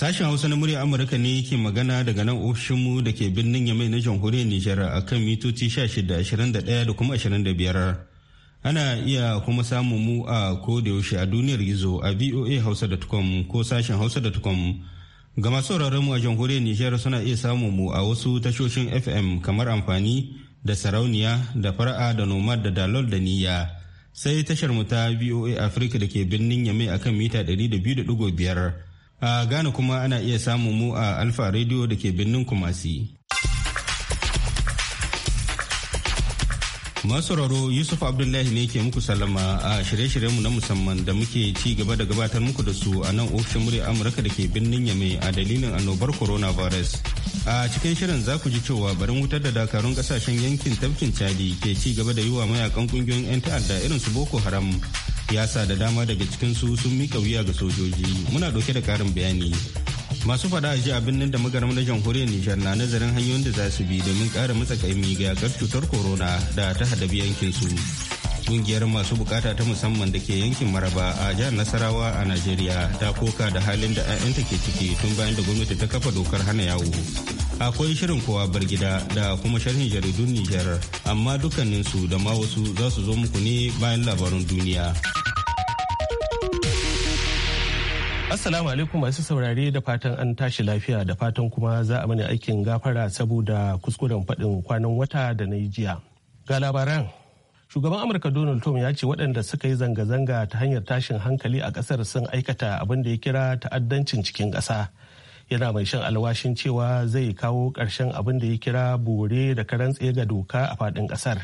Sashen Hausa na murya Amurka ne ke magana daga nan ofishinmu da ke birnin Yamai na jamhuriyar Nijar a kan mitoci 1621 da kuma 25. Ana iya kuma samun mu a kodayaushe a duniyar gizo a voa hausa.com ko sashen hausa da hausa.com. Ga masu mu a jamhuriyar Nijar suna iya samun mu a wasu tashoshin FM kamar amfani da sarauniya da fara'a da nomad da dalol da niyya. Sai tashar mu ta VOA Africa da ke birnin Yamai akan mita 200.5 a Ghana kuma ana iya samun mu a Alfa Radio da ke birnin Kumasi. Masauraro Yusuf Abdullahi ne ke muku Salama a shirye-shiryenmu na musamman da muke ci gaba da gabatar muku da su a nan ofishin murya Amurka da ke birnin Yame a dalilin annobar coronavirus. A cikin shirin za ku ji cewa barin wutar da dakarun kasashen yankin tafkin Chadi ke ci gaba da yi wa mayakan kungiyoyin 'yan ta'adda irin su Boko Haram siyasa da dama daga cikinsu sun mika wuya ga sojoji muna doke da ƙarin bayani masu fada ji abin nan da magaram na jamhuriyar nijar na nazarin hanyoyin da za su bi domin ƙara matsakaimi ga yakar cutar corona da ta hadabi yankinsu. su kungiyar masu bukata ta musamman da ke yankin maraba a jihar nasarawa a najeriya ta koka da halin da 'ya'yanta ke ciki tun bayan da gwamnati ta kafa dokar hana yawo akwai shirin kowa bar gida da kuma sharhin jaridun Nijar amma dukkaninsu da ma wasu za su zo muku ne bayan labarun duniya. Assalamu alaikum masu saurare da fatan an tashi lafiya da fatan kuma za a mani aikin gafara saboda kuskuren faɗin kwanan wata da na jiya. Ga labaran shugaban amurka donald trump ya ce waɗanda suka yi zanga-zanga ta hanyar tashin hankali a ƙasar sun aikata abin da ya kira ta'addancin cikin ƙasa yana mai shan alwashin cewa zai kawo ƙarshen abin da ya kira bore da karan ga doka a faɗin ƙasar.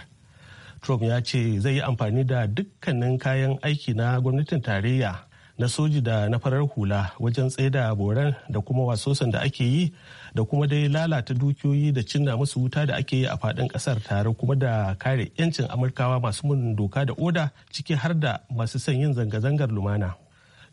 Trump ya ce zai yi amfani da dukkanin kayan aiki na gwamnatin tarayya na soji da na farar hula wajen da boran da kuma wasosan da ake yi da kuma dai lalata dukiyoyi da cinna musu wuta da ake yi a faɗin ƙasar tare kuma da kare 'yancin amurkawa masu mun doka da oda ciki har da masu son yin zanga-zangar lumana.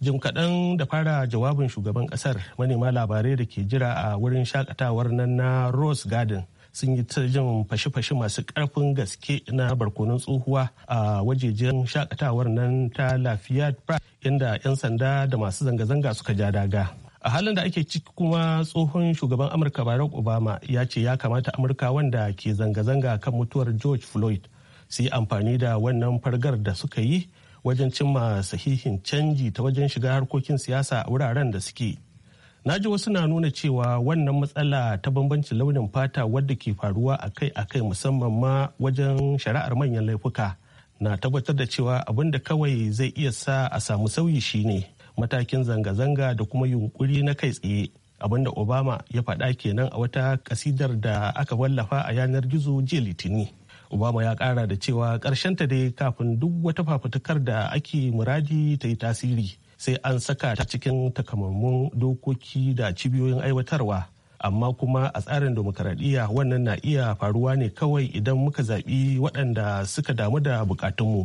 jim kaɗan da fara jawabin shugaban ƙasar manema labarai da ke jira a wurin shakatawar nan na rose garden sun yi ta jin fashe-fashe masu ƙarfin gaske na barkonon tsohuwa a wajejen shakatawar nan ta lafiya inda 'yan sanda da masu zanga-zanga suka ja daga a halin da ake ciki kuma tsohon shugaban amurka barack obama ya ce ya kamata amurka wanda ke zanga-zanga kan mutuwar george floyd su yi amfani da wannan fargar da suka yi wajen cimma sahihin canji ta wajen shiga harkokin siyasa a wuraren da suke na ji wasu na nuna cewa wannan matsala ta bambancin launin fata wadda ke faruwa akai-akai musamman ma wajen shari'ar manyan laifuka na tabbatar da cewa abin da kawai zai iya sa a samu sauyi shine matakin zanga-zanga da kuma yunkuri na kai tsaye abinda obama ya faɗa kenan a wata kasidar da aka wallafa a yanar gizo jiya litini obama ya kara da cewa ta dai kafin duk wata fafutukar da ake muradi ta yi tasiri sai an saka ta cikin takamammun dokoki da cibiyoyin aiwatarwa amma kuma a tsarin demokaradiyya wannan na iya faruwa ne kawai idan muka zaɓi waɗanda suka damu da bukatunmu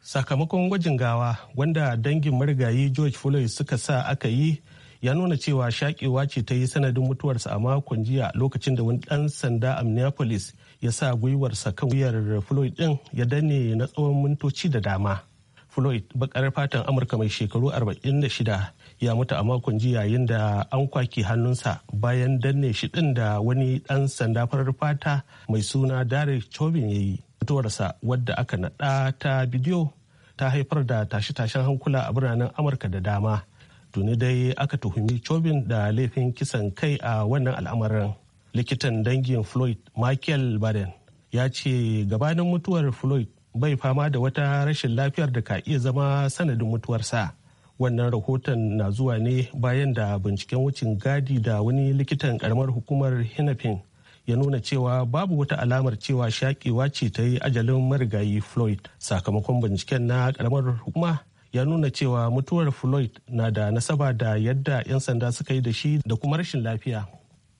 sakamakon gwajin gawa wanda dangin marigayi george floyd suka sa aka yi ya nuna cewa shaƙewa ce ta yi sanadin mutuwarsa a makon jiya lokacin da wani ɗan sanda a minneapolis ya sa gwiwarsa kan wuyar floyd din ya danne na tsawon mintoci da dama floyd bakar fatan amurka mai shekaru 46 ya mutu a makon jiya yayin da an kwaki hannunsa bayan danne shi din da wani dan sanda farar fata mai suna derek chauvin ya yi fitowarsa wadda aka naɗa ta bidiyo ta haifar da tashe-tashen hankula a biranen amurka da dama tuni dai aka tuhumi chauvin da laifin kisan kai a wannan al'amarin likitan dangin floyd michael baden ya ce gabanin mutuwar floyd bai fama da wata rashin lafiyar da ka iya zama sanadin mutuwarsa wannan rahoton na zuwa ne bayan da binciken wucin gadi da wani likitan karamar hukumar hinafin ya nuna cewa babu wata alamar cewa shakewa ce ta yi ajalin marigayi floyd sakamakon binciken na karamar hukuma ya nuna cewa mutuwar floyd na da nasaba da yadda 'yan sanda suka yi da shi da kuma rashin lafiya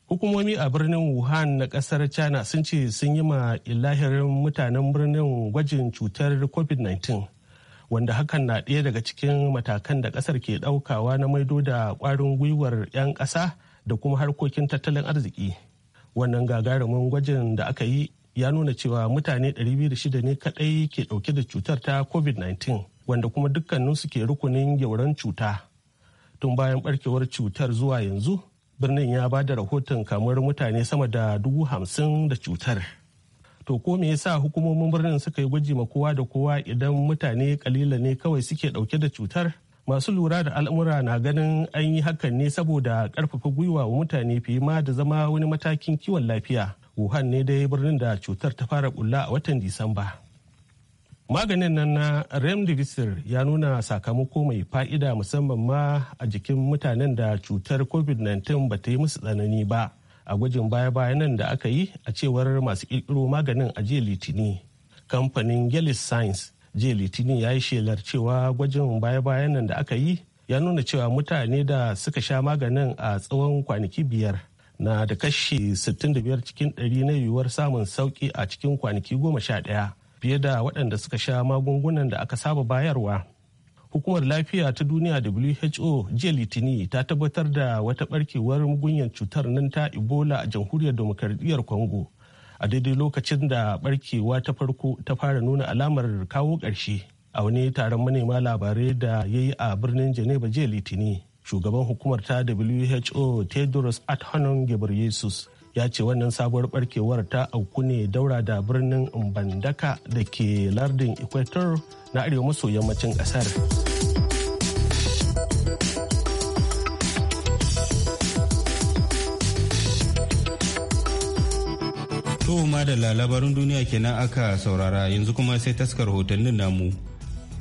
hukumomi a birnin wuhan na kasar china sun ce sun yi ma ilahirin mutanen birnin gwajin cutar covid-19 wanda hakan na ɗaya daga cikin matakan da kasar ke ɗaukawa na maido da ƙwarin gwiwar 'yan ƙasa da kuma harkokin tattalin arziki wannan gagarumin gwajin da aka yi ya nuna cewa mutane 206 ne kaɗai ke ɗauke da cutar ta covid-19 wanda kuma su ke rukunin gyauran cuta tun bayan barkewar cutar zuwa yanzu birnin ya ba da rahoton kamar mutane sama da dubu hamsin da cutar to ko me yasa hukumomin birnin suka yi gwaji ma kowa da kowa idan mutane kalila ne kawai suke dauke da cutar masu lura da al'amura na ganin an yi hakan ne saboda karfafa gwiwa wa mutane fiye ma da zama wani matakin kiwon lafiya wuhan ne dai birnin da cutar ta fara bulla a watan disamba maganin nan na remdesivir ya nuna sakamako mai fa'ida musamman ma a jikin mutanen da cutar covid-19 ba ta yi musu tsanani ba a gwajin baya-bayanan da aka yi a cewar masu ƙirƙiro maganin a jiya litini kamfanin gelis science jiya litini ya yi shelar cewa gwajin baya-bayanan da aka yi ya nuna cewa mutane da suka sha maganin a tsawon kwanaki biyar na da kashi 65 cikin 100 na yiwuwar samun sauki a cikin kwanaki goma sha ɗaya fiye da waɗanda suka sha magungunan da aka saba bayarwa. Hukumar lafiya ta duniya WHO jiya Litini ta tabbatar da wata barkewar mugunyar cutar nan ta Ebola a jamhuriyar demokradiyyar Congo. A daidai lokacin da barkewa ta farko ta fara nuna alamar kawo ƙarshe a wani taron manema labarai da ya yi a birnin Geneva jiya Litini. Shugaban hukumar ta WHO Tedros Adhanom Ghebreyesus ya ce wannan sabuwar barkewar ta auku ne daura da birnin mbandaka da ke lardin equator na arewa maso yammacin kasar ma da labarin duniya kenan aka saurara yanzu kuma sai taskar hotonnin namu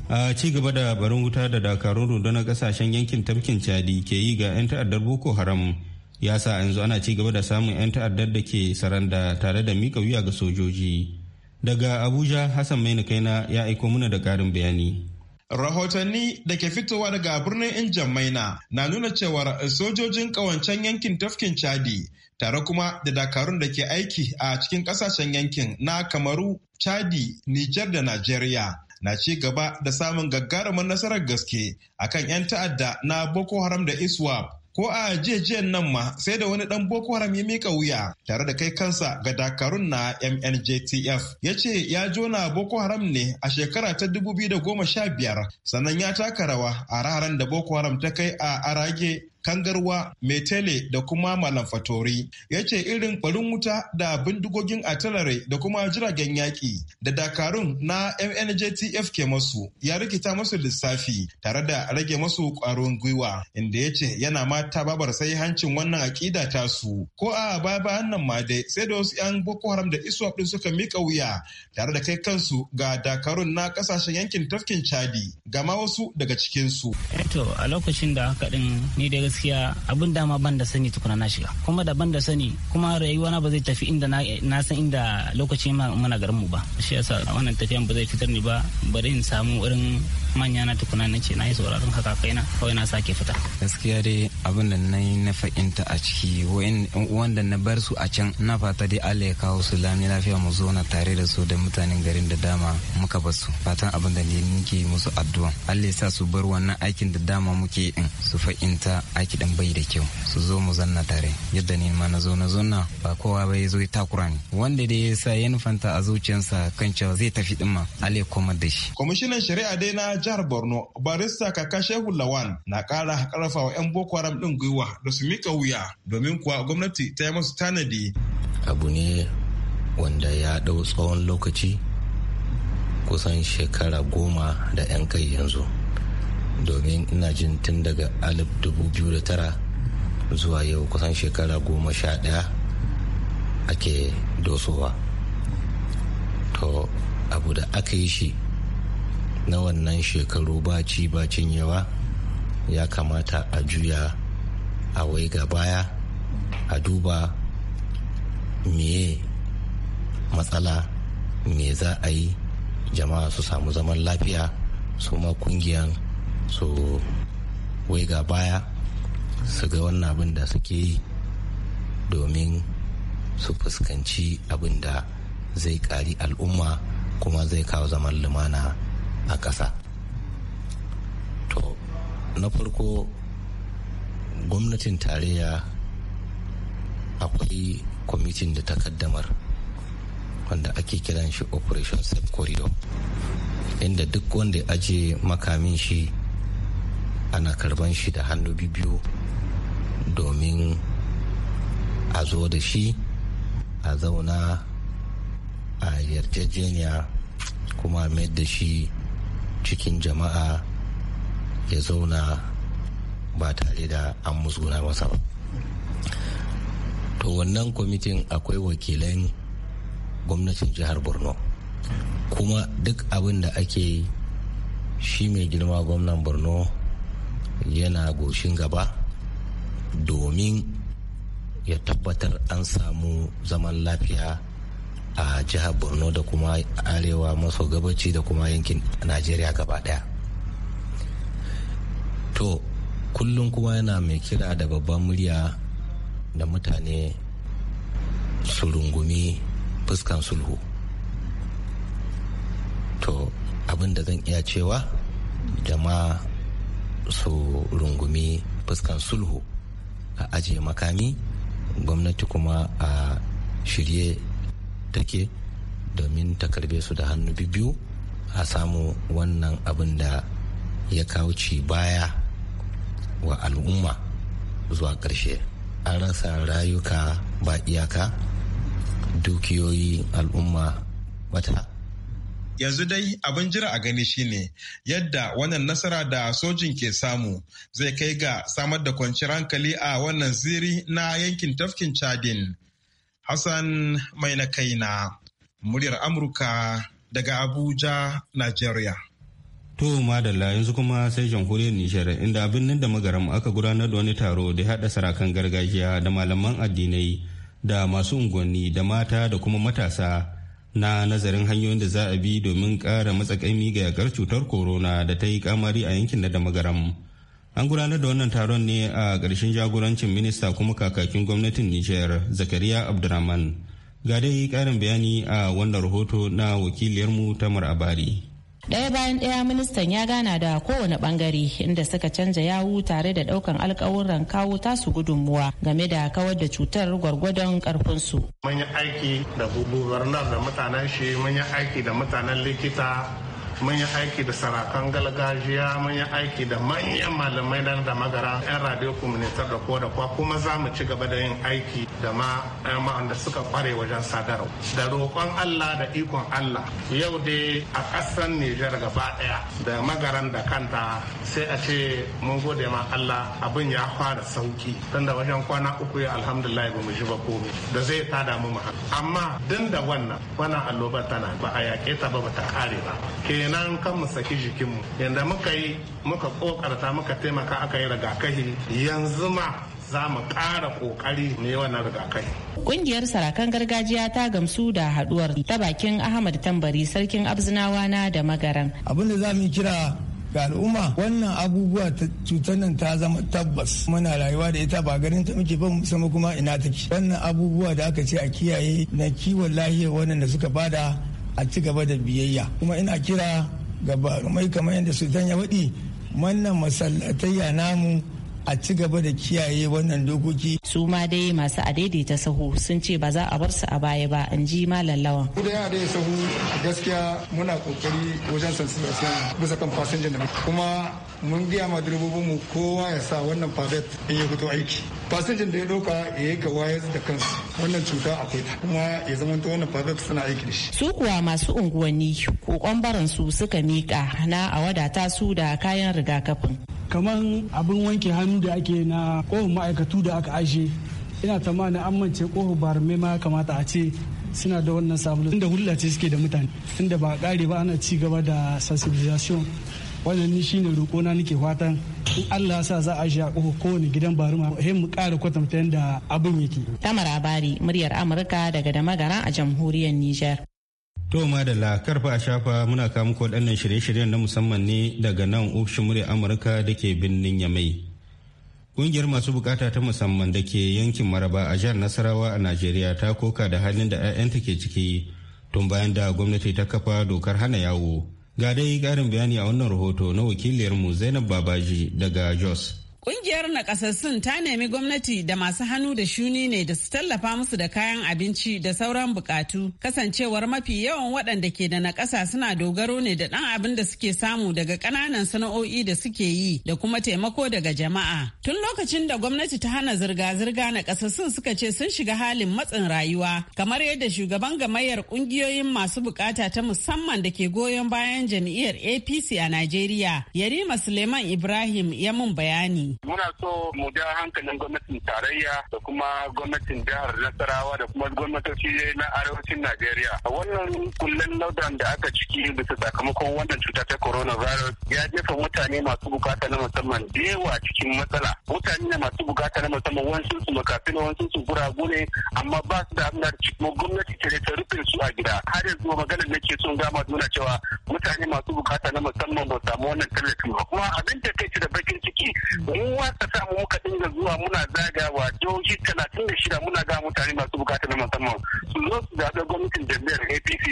a ci gaba da barin wuta da dakarun rundunar kasashen yankin tafkin chadi ke yi ga 'yan ta'addar boko haram ya sa yanzu ana ci gaba da samun 'yan ta'addar da ke saranda tare da mika wuya ga sojoji daga abuja hassan kai kaina ya aiko muna da karin bayani Rahotanni da ke fitowa daga birnin Injan Maina na nuna cewar sojojin kawancen yankin tafkin Chadi tare kuma da dakarun da ke aiki a cikin kasashen yankin na Kamaru, Chadi, Niger da Najeriya na ci gaba da samun gagarumar nasarar gaske akan 'yan ta'adda na Boko Haram da ISWAP ko a jejiyan nan ma sai da wani dan boko haram ya mika wuya tare da kai kansa ga dakarun na mnjtf ya ce ya jona boko haram ne a shekara ta 2015 sannan ya taka rawa a raharan da boko haram ta kai a arage kangarwa metele da kuma malamfatori ya ce irin farin wuta da bindigogin atalare da kuma jiragen yaƙi da dakarun na mnjtf ke masu ya rikita masu lissafi tare da rage masu ƙwarin gwiwa inda ya ce yana mata babar sai hancin wannan aƙida tasu ko a baya bayan nan ma dai sai da wasu 'yan boko haram da iswap din suka miƙa wuya tare da kai kansu ga dakarun na kasashen yankin tafkin chadi gama wasu daga cikinsu. Eh a lokacin da haka ni da gaskiya abin dama ban da sani tukuna na shiga kuma da ban da sani kuma rayuwa na ba zai tafi inda na san inda lokacin mana garin mu ba shi yasa wannan tafiyan ba zai fitar ni ba bari in samu irin manya na tukuna na ce na yi sauraron haka kaina kawai na sake fita gaskiya dai abin da na yi na fa'inta a ciki wanda na bar su a can na fata dai Allah ya kawo su lami lafiya mu zo tare da su da mutanen garin da dama muka bar su fatan abin da ne nake musu addu'a Allah ya sa su bar wannan aikin da dama muke in su fa'inta a taki dan bai da kyau su zo mu zanna tare yadda ni ma na zo na zonna ba kowa ba ya zo ya takura ni wanda da ya sa ya nufanta a zuciyarsa kan cewa zai tafi din ma ale komar da shi kwamishinan shari'a dai na jihar borno barista kaka shehu lawan na kara karfa wa yan boko haram din gwiwa da su mika wuya domin kuwa gwamnati ta yi musu tanadi abu ne wanda ya dau tsawon lokaci kusan shekara goma da 'yan kai yanzu domin ina jin tun daga alif dubu da tara zuwa yau kusan shekara goma sha ɗaya ake dosowa to abu da aka yi shi na wannan shekaru baci bacin yawa ya kamata a juya a wai ga baya a duba meye matsala me za a yi jama'a su samu zaman lafiya su ma kungiyan so wai ga baya su ga wannan abin da suke yi domin su fuskanci abin da zai ƙari al'umma kuma zai kawo zaman lumana a ƙasa to na farko gwamnatin tarayya akwai kwamitin da ta kaddamar wanda ake kiran shi operation safe corridor inda duk wanda ya aje makamin shi ana karban shi da hannu biyu domin a zo da shi a zauna a yarjejeniya kuma a da shi cikin jama'a ya zauna ba tare da an musguna masa ba to wannan kwamitin akwai wakilan gwamnatin jihar borno kuma duk abin da ake shi mai girma gwamnan borno yana goshin gaba domin ya tabbatar an samu zaman lafiya a jihar borno da kuma arewa maso gabaci da kuma yankin najeriya gaba daya to kullum kuma yana mai kira da babban murya da mutane su rungumi fuskan sulhu to abin da zan iya cewa jama'a su rungumi fuskan sulhu a ajiye makami gwamnati kuma a shirye take domin ta karbe su da hannu biyu a samu wannan abin da ya kawo ci baya wa al'umma zuwa ƙarshe an rasa rayuka ba iyaka dukiyoyi al'umma wata yanzu dai abin jira a gani shine yadda wannan nasara da sojin ke samu zai kai ga samar da kwanciyar hankali a wannan ziri na yankin tafkin chadin hassan mai na kaina muryar amurka daga abuja nigeria To madalla yanzu kuma sai jamhuriyar nishar inda nan da magaram aka gudanar da wani taro da haɗa sarakan gargajiya da malaman addinai da masu unguwanni da mata da kuma matasa na nazarin hanyoyin da za a bi domin ƙara matsakaimi ga yakar cutar corona da ta yi kamari a yankin na damagaram an gudanar da wannan taron ne a ƙarshen jagorancin minista kuma kakakin gwamnatin nijar zakariya abdurrahman ga dai ƙarin bayani a wannan rahoto na wakiliyarmu tamar abari Ɗaya bayan ɗaya ministan ya gana da kowane ɓangare inda suka canja yawu tare da ɗaukan alkawuran kawo tasu gudunmuwa game da kawar da cutar gwargwadon ƙarfinsu. Mun yi aiki da gubernar da mutanen shi mun yi aiki da mutanen likita mun yi aiki da sarakan galgajiya mun yi aiki da manyan malamai nan da magara yan radio communitar da kowa da kuma za mu ci gaba da yin aiki da ma yan wanda suka kware wajen sadarwa da roƙon Allah da ikon Allah yau dai a ƙasar Nijar gaba ɗaya da magaran da kanta sai a ce mun gode ma Allah abin ya fara sauki tunda wajen kwana uku ya alhamdulillah ba mu ji ba komai da zai tada mu amma din da wannan wannan allobar tana ba a yaƙe ta ba ba ta kare ba ke kenan kan mu saki jikinmu yadda muka yi muka kokarta muka taimaka aka yi rigakafi yanzu ma za mu ƙara ƙoƙari ne wannan rigakafi. Kungiyar sarakan gargajiya ta gamsu da haɗuwar ta bakin Ahmad Tambari sarkin Abzinawa na da magaran. Abin da za mu kira ga al'umma wannan abubuwa cutar nan ta zama tabbas muna rayuwa da ita ba garin ta muke ban sama kuma ina take wannan abubuwa da aka ce a kiyaye na kiwon lahiyar wannan da suka bada a ci gaba da biyayya kuma ina kira ga barumai kamar yadda zan ya waɗi wannan masallatayya namu a ci gaba da kiyaye wannan dokoki. su ma dai masu adaidaita sahu sun ce ba za a bar su a baya ba in ji malam lallawa. ku da ya sahu gaskiya muna kokari wajen sansilasiyar bisa kan fasinjan da kuma mun biya ma mu kowa ya sa wannan fadet in ya fito aiki fasijin da ya doka ya yi wayar da kansu wannan cuta akwai ta kuma ya zama ta wannan fasijin suna aiki da shi. su kuwa masu unguwanni kokon kwambaran su suka mika na a wadata su da kayan rigakafin. kamar abin wanke hannu da ake na kohon ma'aikatu da aka ajiye ina tamanin an mance kohon bar ma kamata a ce suna da wannan sabulu inda hulɗa ce suke da mutane inda ba a ƙare ba ana ci gaba da sensibilisation wannan ni shine na nake fatan in Allah sa za a sha kowane gidan baruma he mu ƙara kwatanta yadda abin yake. Tamara Bari muryar Amurka daga da magana a jamhuriyar Nijar. To madalla karfa a shafa muna kawo muku waɗannan shirye-shiryen na musamman ne daga nan ofishin muryar Amurka da ke birnin Yamai. Kungiyar masu bukata ta musamman da ke yankin Maraba a jihar Nasarawa a Najeriya ta koka da halin da 'ya'yanta ke ciki tun bayan da gwamnati ta kafa dokar hana yawo. Ga dai karin bayani a wannan rahoto na wakiliyarmu Zainab Babaji daga Jos. Ƙungiyar naƙasassun ta nemi gwamnati da masu hannu da shuni ne da su tallafa musu da kayan abinci da sauran bukatu. Kasancewar mafi yawan waɗanda ke da naƙasa suna dogaro ne da ɗan abin da suke samu daga ƙananan sana'o'i da suke yi da kuma taimako daga jama'a. Tun lokacin da gwamnati ta hana zirga-zirga naƙasassun suka ce sun shiga halin matsin rayuwa. Kamar yadda shugaban gamayyar ƙungiyoyin masu bukata ta musamman da ke goyon bayan jam'iyyar APC a Najeriya, Yarima Suleiman Ibrahim ya mun bayani. Muna so mu ja hankalin gwamnatin tarayya da kuma gwamnatin jihar Nasarawa da kuma gwamnatoci na arewacin Najeriya. Wannan kullen laudan da aka ciki bisa sakamakon wannan cuta ta coronavirus ya jefa mutane masu bukata na musamman da yawa cikin matsala. Mutane na masu bukata na musamman wasu su makafin wasu su guragu ne amma ba su da amnar kuma gwamnati ta ta rufe su a gida. Har yanzu maganar da ke son gama nuna cewa mutane masu bukata na musamman ba samu wannan tallafin ba. Kuma abin da kai da bakin ciki mu mu wasa sa mu muka dinga zuwa muna zagawa jihohi talatin da shida muna ga mutane masu bukata na musamman su zo su zaɓi gwamnatin jami'ar apc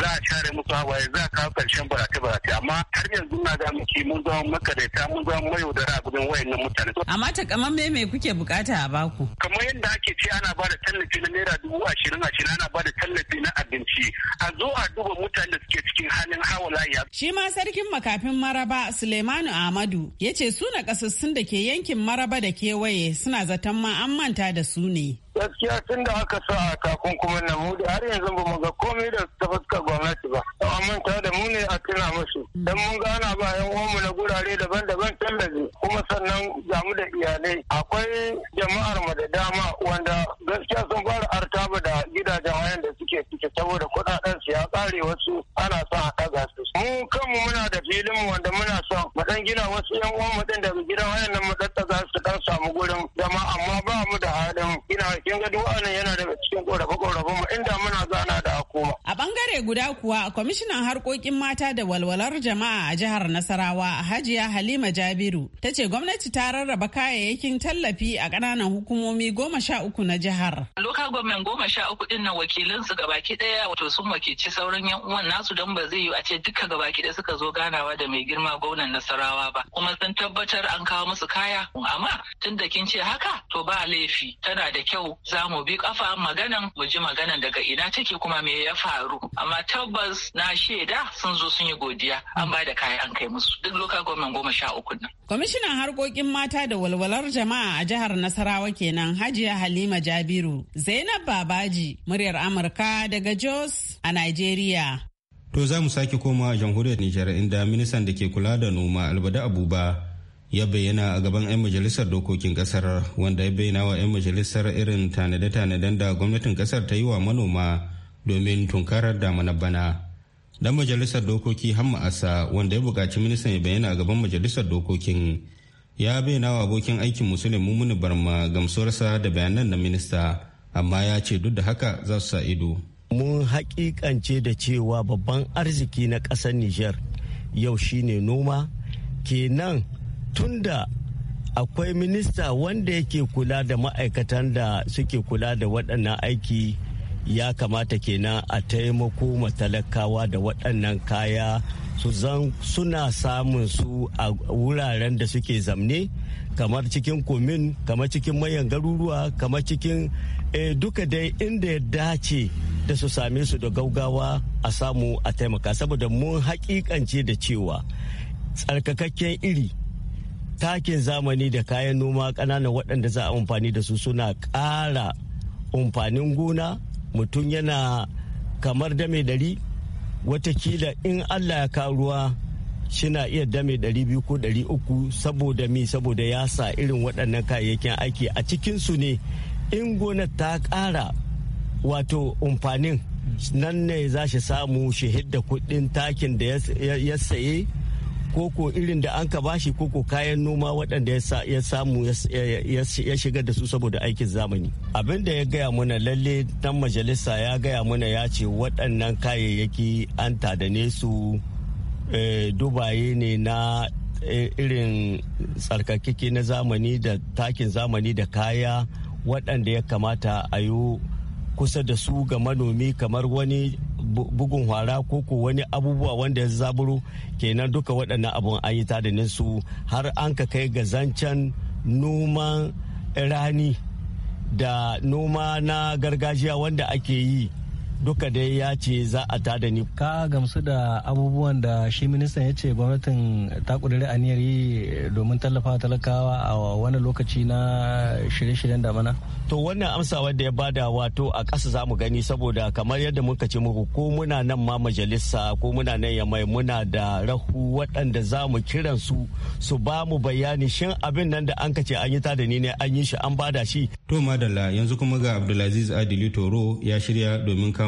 za a share musu hawaye za a kawo karshen barace barace amma har yanzu na ga muke mun zama makarata mun zama mayaudara a gudun wayannan mutane. amma kaman me kuke bukata a baku. kamar yadda ake ce ana ba da tallafi na naira dubu ashirin ashirin ana ba da tallafi na abinci a zo a duba mutane da suke cikin halin hawa layi. shi ma sarkin makafin maraba suleimanu ahmadu ya ce su na kasassun da ke yankin maraba da kewaye suna zaton ma an manta da su ne. gaskiya tun da aka sa a takunkumin na mu har yanzu ba mu ga komai da ta fuskar gwamnati ba an manta da mu ne a tuna musu dan mun gana ba yan uwanmu na gurare daban-daban tallafi kuma sannan ga da iyalai akwai jama'ar mu da dama wanda gaskiya sun fara artaba da gidajen wayan da gwamnati saboda kuɗaɗen su ya ƙare wasu ana son a ɗaga su. Mu kanmu muna da filin wanda muna son mu ɗan gina wasu ƴan uwan mu ɗin daga gidan wayannan mu ɗaɗɗaga su ɗan samu gurin zama amma ba mu da halin gina kin ga duk yana daga cikin ƙorafe-ƙorafen bangare guda kuwa kwamishinan harkokin mata da walwalar jama'a a jihar Nasarawa Hajiya Halima Jabiru ta ce gwamnati ta rarraba kayayyakin tallafi a kananan hukumomi goma sha uku na jihar. Local government goma sha uku din nan wakilin su gabaki ɗaya wato sun wakilci sauran yan uwan nasu don ba zai yi a ce duka gabaki daya suka zo ganawa da mai girma gwamnan Nasarawa ba kuma sun tabbatar an kawo musu kaya amma tun da kin ce haka to ba laifi tana da kyau za mu bi kafa maganan mu ji maganan daga ina take kuma me ya faru. amma tabbas na shaida sun zo sun yi godiya an mm. ba da kayan an kai musu duk local government goma sha uku nan. kwamishinan harkokin mata da walwalar jama'a a jihar nasarawa kenan hajiya halima jabiru zainab babaji muryar amurka daga jos a nigeria. to za mu sake koma a jamhuriyar nijar inda ministan da ke kula da noma albada abuba ya bayyana a gaban 'yan majalisar dokokin kasar wanda ya bayyana wa 'yan majalisar irin tanade-tanaden da gwamnatin kasar ta yi wa manoma domin tunkarar damuna bana dan majalisar dokoki hamma asa wanda ya buƙaci ministan ya bayyana a gaban majalisar dokokin ya bayyana wa abokin aikin musulun mummuni barma gamsuwarsa da bayanan na minista amma ya ce duk da haka za su sa ido mun hakikance da cewa babban arziki na ƙasar nijar yau shine noma kenan tunda akwai minista wanda yake kula da ma'aikatan da suke kula da waɗannan aiki ya kamata kenan a taimako matalakawa da waɗannan kaya su zan suna samun su a wuraren da suke zamne kamar cikin komin kamar cikin mayan garuruwa kamar cikin eh, duka dai inda ya dace da su same su da gaugawa a samu a taimaka saboda mun haƙiƙance da cewa tsarkakakken iri takin zamani da kayan noma ƙananan waɗanda za a amfani da su suna ƙara amfanin gona mutum yana kamar dame dari watakila in allah ya kawo ruwa shina iya dame dari biyu ko dari uku saboda mi saboda ya sa irin waɗannan kayayyakin aiki a cikinsu ne in gona ta ƙara wato umfanin nan ne za shi samu shi hidda kuɗin takin da ya saye koko irin da an ka bashi koko kayan noma waɗanda ya samu ya shigar da su saboda aikin zamani abin da ya gaya mana lalle dan majalisa ya gaya mana ya ce waɗannan kayayyaki an ne su eh, dubaye ne na eh, irin tsarkakeke na zamani da takin zamani da kaya waɗanda ya kamata a yi kusa da su ga manomi kamar wani bugun hwara ko ko wani abubuwa wanda ya zaburo kenan duka waɗannan abun an yi tadanin su har an ka kai ga zancen noman rani da noma na gargajiya wanda ake yi duka dai ya ce za a tada ni. Ka gamsu da abubuwan da shi ministan ya ce gwamnatin ta kudiri aniyar yi domin tallafa talakawa a wani lokaci na shirye-shiryen damana? To wannan amsawa da ya bada wato a ƙasa za mu gani saboda kamar yadda muka ce muku ko muna nan ma majalisa ko muna nan ya mai muna da rahu waɗanda za mu kiran su su ba mu bayani shin abin nan da an kace ce an yi tada ni ne an yi shi an bada shi. To madalla yanzu kuma ga Abdulaziz Adili Toro ya shirya domin kama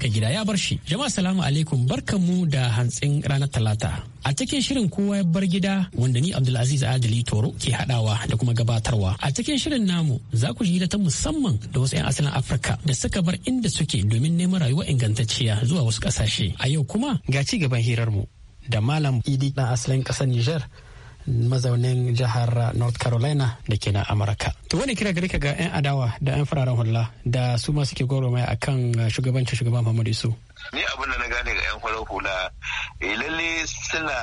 Ga gida ya bar shi jama'a salamu alaikum barkanmu da hantsin ranar talata a cikin shirin kowa ya bar gida wanda ni abdulaziz adali toro ke hadawa da kuma gabatarwa a cikin shirin namu za ku ji ta musamman da wasu 'yan asalin afirka da suka bar inda suke domin neman rayuwa ingantacciya zuwa wasu kasashe a yau kuma ga ci gaban hirar mu da malam idi na asalin ƙasar Nijar. mazaunin jihar north carolina da ke na amurka to wani kira gare ga 'yan adawa da 'yan fararen hula da su ma suke mai akan shugabancin shugaban muhammadu isu ni abin da na gane ga 'yan fararen hula eh, lalle suna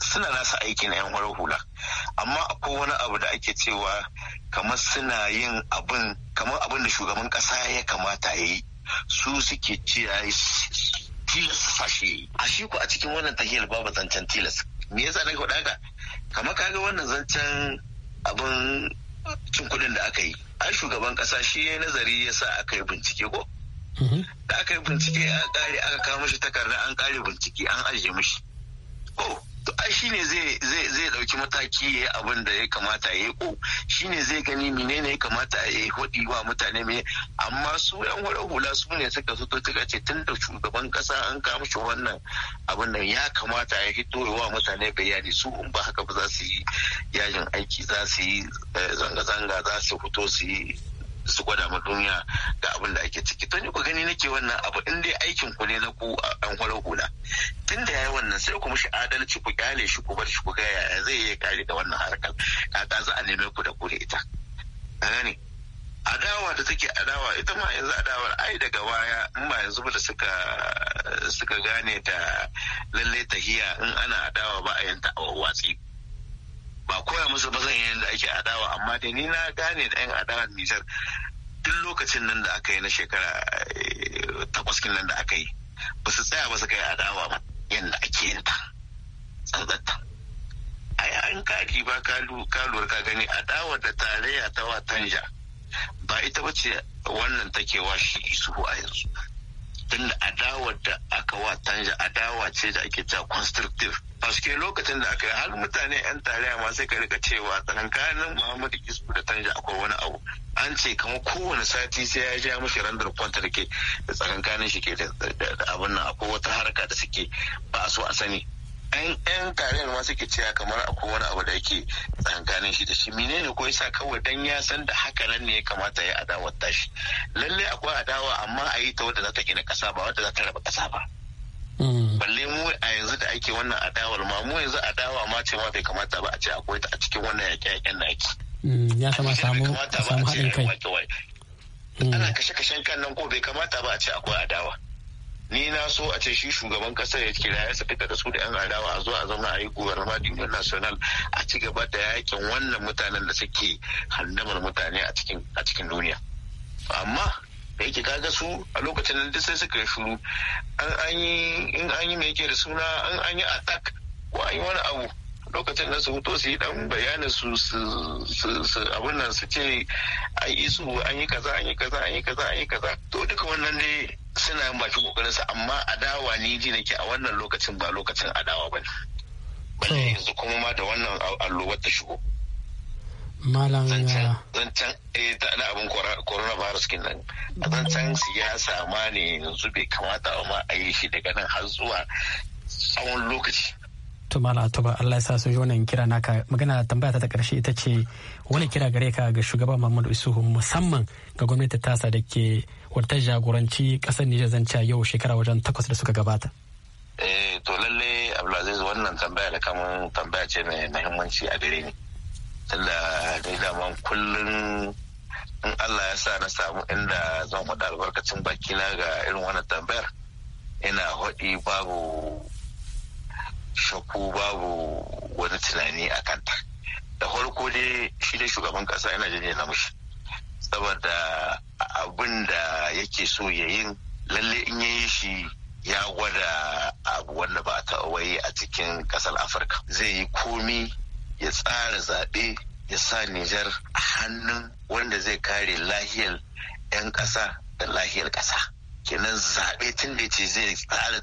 suna nasa aiki na 'yan fararen hula amma akwai wani abu da ake cewa kamar suna yin abin kamar abin da shugaban kasa ya kamata ya yi su suke ciyayi tilas fashe. a shi ku a cikin wannan tahiyar babu zancen tilas me yasa na faɗa ka kamar kaga wannan zancen abin cin kuɗin da aka yi ai shugaban ƙasa shi ya nazari ya sa aka yi bincike ko mhm. da aka yi bincike a aka kawo mashi takarda an ƙare bincike an ajiye mashi ko to ai shi zai zai dauki mataki ya abin da ya kamata ya yi ko shine zai gani menene ya kamata ya yi hudi wa mutane me amma su yan hula hula su ne suka fito tuka ce tun da shugaban kasa an kama shi wannan abin da ya kamata ya hito wa mutane bayani su in ba haka ba za su yi yajin aiki za su yi eh, zanga-zanga za su fito su yi su gwada ma duniya ga abin da ake ciki to ni ku gani nake wannan abu in dai aikin ku ne na ku an hula hula tun da yayi wannan sai ku mishi adalci ku kyale shi ku bar shi ku ga yaya zai iya kare da wannan harkar kaka za a neme ku da ku da ita gani adawa da take adawa ita ma yanzu adawar ai daga baya in ba yanzu ba da suka suka gane ta lalle tahiya in ana adawa ba a yanta a watsi ake adawa amma dai ni na gane da yan adawar nijar duk lokacin nan da aka yi na shekara eh, takwas nan da aka yi ba su tsaya ba su kai adawa ba yadda ake yin ta tsantsatta ai an kaji ba kaluwar ka gani adawa da tarayya ta watanja ba ita ba ce wannan take wa shi isuhu a yanzu tunda adawar da aka ja adawa ce da ake ta constructive haske lokacin da aka yi har mutane 'yan tarayya ma sai ka rika cewa tsakankanin muhammadu isu da tanja akwai wani abu an ce kamar kowane sati sai ya ja mashi randar kwanta da ke da tsakankanin shi ke da abin nan akwai wata haraka da suke ba a so a sani an yan tarayyar ma suke cewa kamar akwai wani abu da yake tsakankanin shi da shi menene ko yasa kawai dan ya san da haka nan ne ya kamata ya ta tashi lalle akwai adawa amma a yi ta wadda za ta gina kasa ba wadda za ta raba kasa ba mm. balle ake wannan adawar ma mu yanzu adawa ma ce ma bai kamata ba a ce akwai ta a cikin wannan yaƙe-yaƙen da ake. Mm, ya kama samu haɗin kai. Mm. ana kashe-kashen kan nan ko bai kamata ba a ce akwai adawa. ni na so a ce shi shugaban kasar ya kira ya duka da su da yan adawa a zo a zama a yi gubernar union national a ci gaba da yakin wannan mutanen da suke handamar mutane a cikin duniya amma da yake kaga su a lokacin nan duk sai suka yi shuru an anyi in an yi mai yake da suna an an attack ko an yi wani abu lokacin da su hoto su yi dan bayanin su su abin nan su ce an yi su an yi kaza an yi kaza an yi kaza an yi kaza to duka wannan ne suna yin bakin kokarin su amma adawa ni ji nake a wannan lokacin ba lokacin adawa bane balle hmm. yanzu kuma ma da wannan allo ta shigo malam zancen eh, na abin coronavirus kin nan zancen siyasa ma ne yanzu bai kamata ma a yi shi daga nan har zuwa tsawon lokaci to mala ba Allah ya sa su wannan kira naka magana tambaya ta karshe ita ce wani kira gare ka ga shugaban Muhammadu Isuhu musamman ga gwamnati tasa da ke wata jagoranci kasar Nijar zanca yau shekara wajen takwas da suka gabata eh to lalle Abdulaziz wannan tambaya da kamun tambaya ce mai muhimmanci a gare ni da ni kullum in Allah ya sa na samu inda zan faɗa albarkacin bakina ga irin wannan tambayar ina haɗi babu shakku babu wani tunani a kanta da farko dai shi dai shugaban ƙasa yana jin na mushi saboda abin da yake so ya yi, lalle in yayi shi ya gwada abu wanda ba ta wai a cikin ƙasar afirka zai yi komi ya tsara zaɓe ya sa Nijar a hannun wanda zai kare lahiyar 'yan ƙasa da lahiyar ƙasa. kenan zaɓe tun da ce zai tsara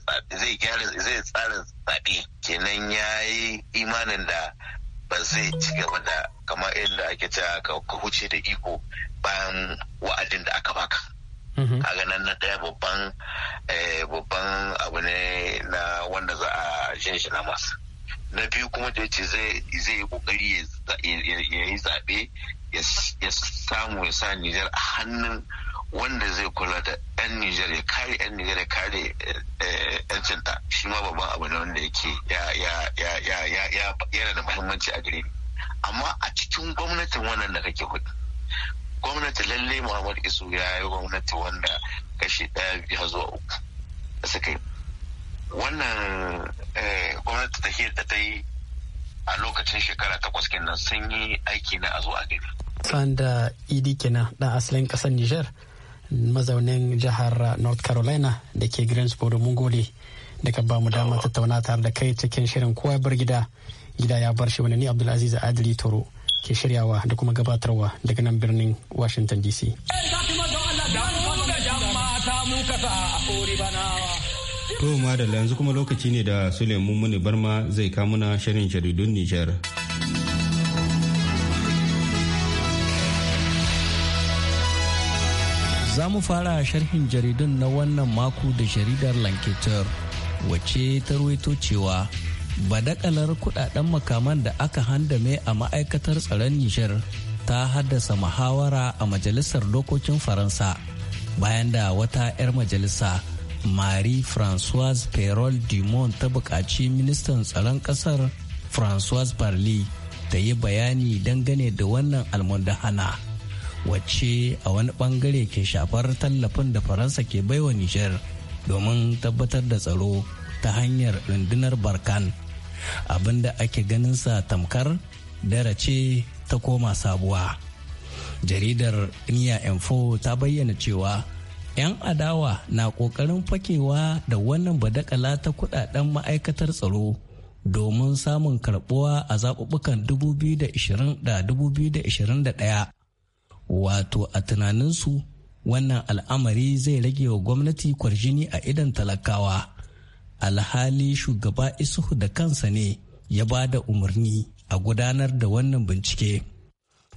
zaɓe kenan ya yi imanin da ba zai ci gaba da kama yadda ake ta ka huce da iko bayan wa'adin da aka baka mhm. kaga nan na ɗaya babban eh, babban abu ne na wanda za a na masu. na biyu kuma da ce zai yi kokari ya yi zaɓe ya samu ya sa Nijar a hannun wanda zai kula da 'yan Nijar ya kare 'yan Nijar ya kare 'yancin eh, eh, ta shi ma babban abu ne wanda yake yana da muhimmanci a gare amma a cikin gwamnatin wannan da kake hudu gwamnati lalle Muhammad Isu ya yi gwamnati wanda kashi ɗaya biyu zuwa uku da suka yi wannan gwamnati ta hiyar da ta yi a lokacin shekara takwas kenan sun yi aiki na a zuwa a gani. Sanda Idi kenan ɗan asalin ƙasar Nijar mazaunin jihar North Carolina da ke Greensboro mun gode da ka ba mu dama tattauna tare da kai cikin shirin kowa bar gida gida ya bar shi wani ni Abdulaziz Adili Toro ke shiryawa da kuma gabatarwa daga nan birnin Washington DC. To da yanzu kuma lokaci ne da Suleiman Muni Barma zai kamuna shirin jaridun Nijar. Za mu fara sharhin jaridun na wannan mako da jaridar lanketar wacce ta ruwaito cewa badakalar kudaden makaman da aka handame a ma'aikatar tsaron Nijar ta haddasa muhawara a majalisar dokokin Faransa bayan da wata 'yar majalisa Marie-Françoise Perol Dumont ta buƙaci ministan tsaron ƙasar Françoise Parly ta yi bayani dangane da wannan almundahana wacce a wani bangare ke shafar tallafin da Faransa ke baiwa Nijar domin tabbatar da tsaro ta hanyar rundunar Barkan abinda ake sa tamkar dara ce ta koma sabuwa. Jaridar Niya Info ta bayyana cewa 'yan adawa na ƙoƙarin fakewa da wannan badakala ta kudaden ma'aikatar tsaro domin samun karbuwa a zaɓuɓɓukan 2020 da 2021 wato a tunaninsu wannan al'amari zai rage wa gwamnati kwarjini a idan talakawa alhali shugaba isuhu da kansa ne ya ba da umarni a gudanar da wannan bincike.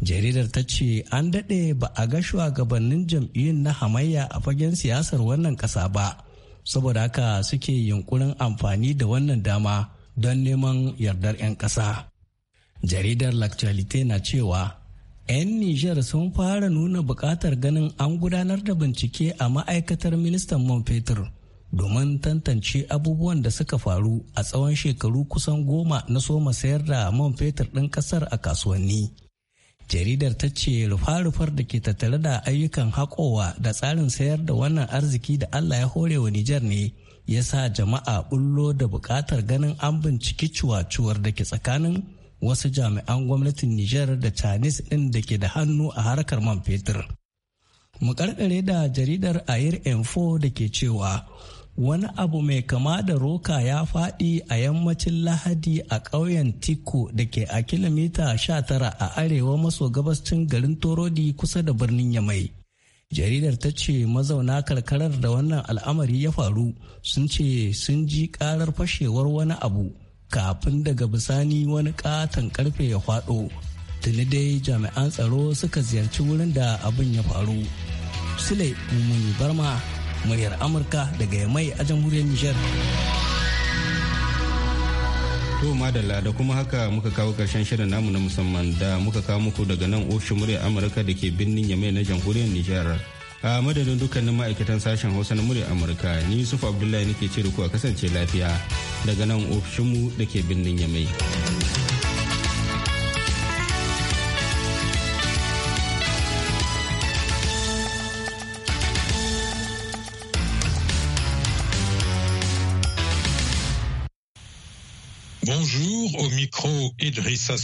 jaridar ta ce an daɗe ba a ga shugabannin jam'iyyun na hamayya a fagen siyasar wannan ƙasa ba saboda haka suke yunkurin amfani da wannan dama don neman yardar 'yan ƙasa jaridar lactualite na cewa 'yan nijar sun fara nuna buƙatar ganin an gudanar da bincike a ma'aikatar ministan man fetur domin tantance abubuwan da suka faru a tsawon shekaru kusan goma na soma sayar da man fetur ɗin ƙasar a kasuwanni jaridar ta ce rufa-rufar da ke tattare da ayyukan haƙowa da tsarin sayar da wannan arziki da allah ya hore wa nijar ne ya sa jama'a bullo da buƙatar ganin an binciki cuwacuwar da ke tsakanin wasu jami'an gwamnatin nijar da chinese ɗin da ke da hannu a harkar man fetur mu da jaridar air info da ke cewa wani abu mai kama da roka ya faɗi a yammacin lahadi a ƙauyen tiko da ke a kilomita 19 a arewa maso gabascin garin torodi kusa da birnin yamai jaridar ta ce mazauna karkarar da wannan al'amari ya faru sun ce sun ji karar fashewar wani abu kafin daga bisani wani katon karfe ya faɗo tuni dai jami'an tsaro suka ziyarci wurin da abin ya faru sule mummuni barma muryar Amurka daga Yamai a jamhuriyar Nijar. To madalla da kuma haka muka kawo karshen shirin namu na musamman da muka kawo muku daga nan ofishin muryar Amurka da ke birnin Yamai na jamhuriyar Nijar. A madadin dukkanin ma'aikatan sashen Hausa na muryar Amurka, ni Yusuf Abdullahi nake ce da ku a kasance lafiya daga nan ofishinmu da ke birnin Yamai. Bonjour, au micro Idrissa